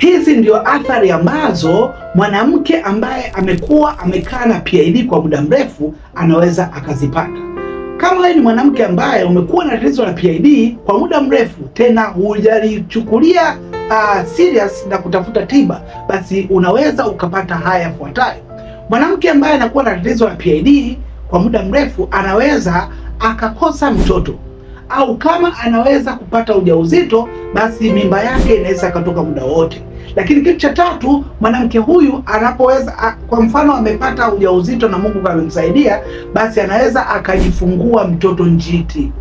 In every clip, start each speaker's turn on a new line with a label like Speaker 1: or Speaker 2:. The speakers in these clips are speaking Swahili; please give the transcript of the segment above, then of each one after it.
Speaker 1: Hizi ndio athari ambazo mwanamke ambaye amekuwa amekaa na PID kwa muda mrefu anaweza akazipata. Kama wewe ni mwanamke ambaye umekuwa na tatizo la PID kwa muda mrefu, tena hujalichukulia uh, serious na kutafuta tiba, basi unaweza ukapata haya yafuatayo. Mwanamke ambaye anakuwa na tatizo la PID kwa muda mrefu anaweza akakosa mtoto au kama anaweza kupata ujauzito basi mimba yake inaweza ikatoka muda wote. Lakini kitu cha tatu, mwanamke huyu anapoweza, kwa mfano, amepata ujauzito na Mungu amemsaidia, basi anaweza akajifungua mtoto njiti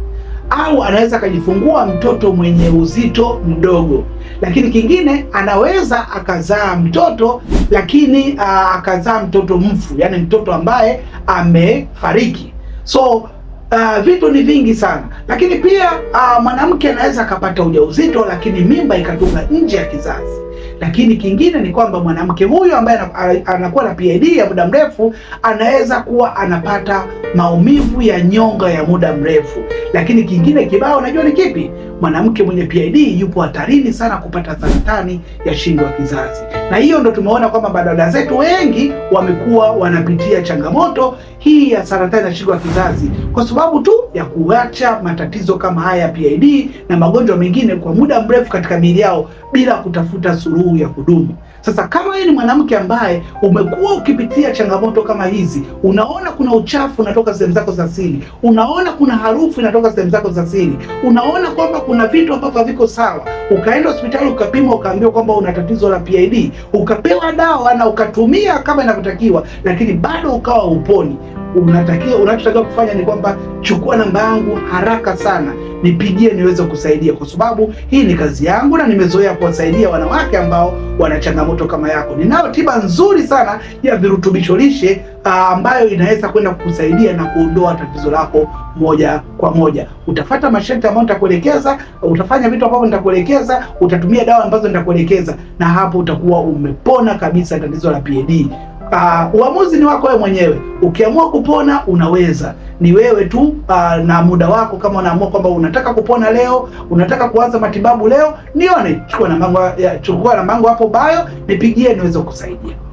Speaker 1: au anaweza akajifungua mtoto mwenye uzito mdogo. Lakini kingine anaweza akazaa mtoto lakini uh, akazaa mtoto mfu, yani mtoto ambaye amefariki. So Uh, vitu ni vingi sana lakini pia uh, mwanamke anaweza akapata ujauzito lakini mimba ikatunga nje ya kizazi. Lakini kingine ni kwamba mwanamke huyu ambaye anakuwa na PID ya muda mrefu anaweza kuwa anapata maumivu ya nyonga ya muda mrefu. Lakini kingine kibao, unajua ni kipi? mwanamke mwenye PID yupo hatarini sana kupata saratani ya shingo ya kizazi, na hiyo ndo tumeona kwamba madada zetu wengi wamekuwa wanapitia changamoto hii ya saratani ya shingo ya kizazi kwa sababu tu ya kuacha matatizo kama haya ya PID na magonjwa mengine kwa muda mrefu katika miili yao bila kutafuta suluhu ya kudumu. Sasa kama wewe ni mwanamke ambaye umekuwa ukipitia changamoto kama hizi, unaona kuna uchafu unatoka sehemu zako za siri, unaona kuna harufu inatoka sehemu zako za siri, unaona kwamba kuna vitu ambavyo haviko sawa, ukaenda hospitali ukapimwa, ukaambiwa kwamba una tatizo la PID, ukapewa dawa na ukatumia kama inavyotakiwa, lakini bado ukawa uponi, unatakiwa unachotakiwa kufanya ni kwamba chukua namba yangu haraka sana nipigie niweze kusaidia, kwa sababu hii ni kazi yangu na nimezoea kuwasaidia wanawake ambao wana changamoto kama yako. Ninayo tiba nzuri sana ya virutubisho lishe ah, ambayo inaweza kwenda kukusaidia na kuondoa tatizo lako moja kwa moja. Utafata masharti ambayo nitakuelekeza, utafanya vitu ambavyo nitakuelekeza, utatumia dawa ambazo nitakuelekeza, na hapo utakuwa umepona kabisa tatizo la PID. Uh, ah, uamuzi ni wako wewe mwenyewe. Ukiamua kupona unaweza ni wewe tu uh, na muda wako. Kama unaamua kwamba unataka kupona leo, unataka kuanza matibabu leo, nione, chukua namba yangu, chukua hapo bio, nipigie niweze kukusaidia.